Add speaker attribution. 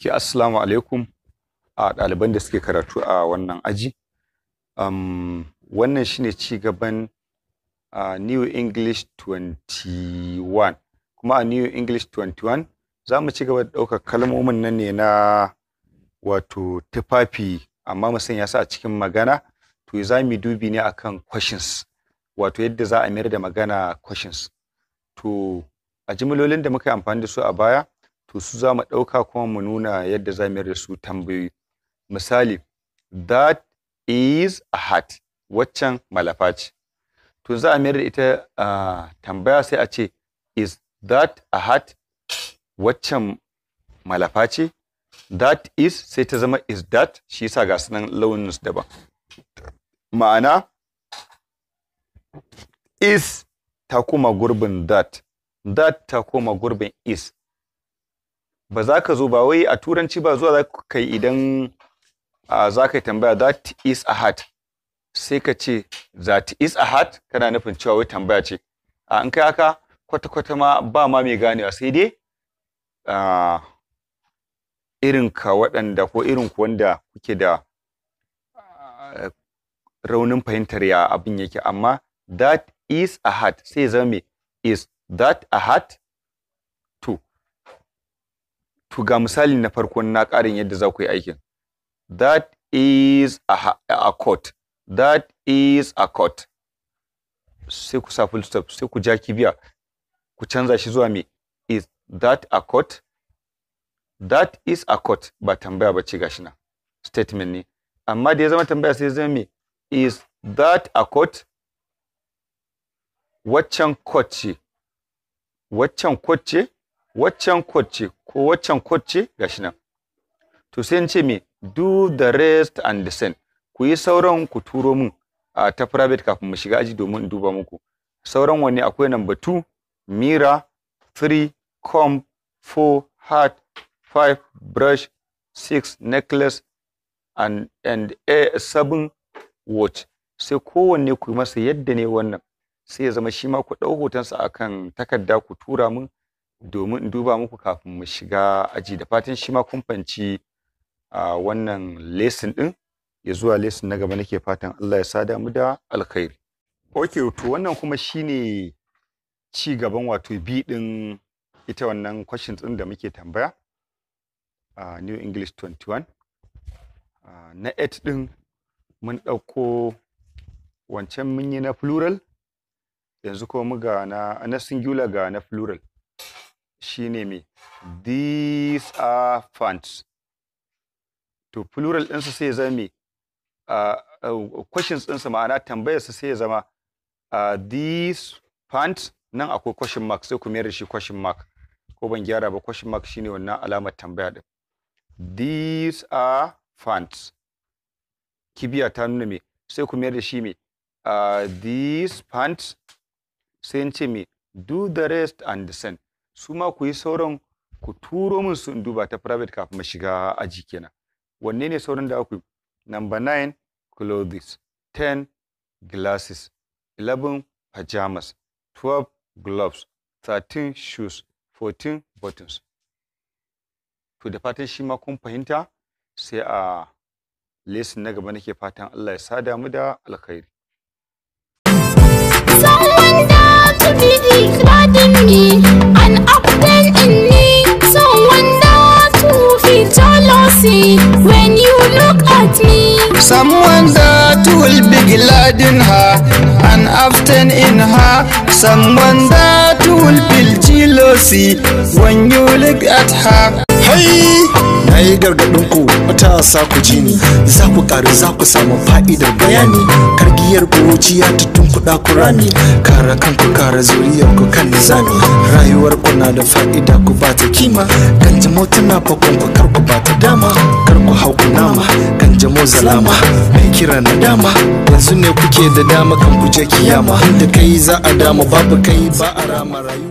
Speaker 1: Ki assalamu alaikum a ɗaliban da suke karatu a wannan aji um, wannan shine ci gaban uh, new english 21 kuma a new english 21 za mu ci gaba da ɗaukar kalmomin nan ne na wato tufafi amma mu ya sa a cikin magana to za mu dubi ne akan questions wato yadda za a mayar da magana questions to a jimlolin da muka yi amfani da su a baya to su za mu ɗauka kuma mu nuna yadda za mu da su tambayoyi misali that is a hat waccan malafa ce to za a mayar da ita tambaya sai a ce is that a hat waccan malafa ce that is sai ta zama is that shi yasa ga sunan launin su daban ma'ana is ta koma gurbin that that ta koma gurbin is ba za ka zo ba wai a turanci ba zuwa za ka yi idan za ka yi tambaya that is a heart sai ka ce that is a heart kana nufin cewa wai tambaya ce a in kai haka kwata-kwata ma ba ma mai ganewa sai dai irin ka waɗanda ko irin ku wanda kuke da raunin fahimtar ya abin yake amma that is a heart sai zama is that a heart to ga misali na farko na ƙarin yadda za ku yi aikin that is a, a court that is a court sai ku sa full stop sai ku ja kibiya ku canza shi zuwa me is that a court that is a court ba tambaya ba ce gashi nan statement ne amma da ya zama tambaya sai zama me is that a court waccan court ce waccan court ce waccan kwacce ko waccan kwacce shi nan to sai ce me do the rest and the same? ku yi sauran ku turo mun a ta private kafin mu shiga aji domin duba muku sauran wanne akwai number two, mira three, comb four, heart five, brush six, necklace and and a seven, watch sai kowanne ku yi masa yadda ne wannan sai ya zama shi ma ku ɗau hotonsa akan takarda ku tura mun domin in duba muku kafin mu shiga aji da fatan shi ma kun fanci wannan lesson din ya zuwa lesson na gaba nake fatan Allah ya sada mu da alkhairi okay to wannan kuma shine ci gaban wato bi din ita wannan question din da muke tambaya a New English 21 na 8 din mun ɗauko wancan mun yi na plural yanzu kuma muga na na singular ga na plural shine me these are funds to plural ɗinsu sai zama me questions ɗinsu ma'ana su sai zama these funds nan akwai question mark sai ku mayar da shi question mark ko ban gyara ba question mark shine wannan alamar tambaya din these are funds kibiya ta nuna me sai ku mayar da shi me these funds sai ce me do the rest and same. su ma ku yi sauran ku turo min su in duba ta private kafin mu shiga aji kenan wanne ne sauran da aku number 9 clothes 10 glasses 11 pajamas 12 gloves 13 shoes 14 buttons to da fatan shi ma kun fahimta sai a lesson na gaba nake fatan Allah ya sada mu da alkhairi Silent to be the in her and often in her someone that will feel jealousy when you look at her hey na yi gargaɗin ku sa ku ji ni za ku karu za ku samu fa'idar bayani kargiyar kuruciya ta tunkuɗa ku rani kara kanku kara zuriyar ku kan nizami rayuwar ku na da fa'ida ku ba ta kima ganjimo tana fakon ku kar ku ba ta dama hau nama kan jamo zalama mai kira na dama yanzu ne kuke da dama kan kuje kiyama da kai za a dama babu kai ba a rama rayu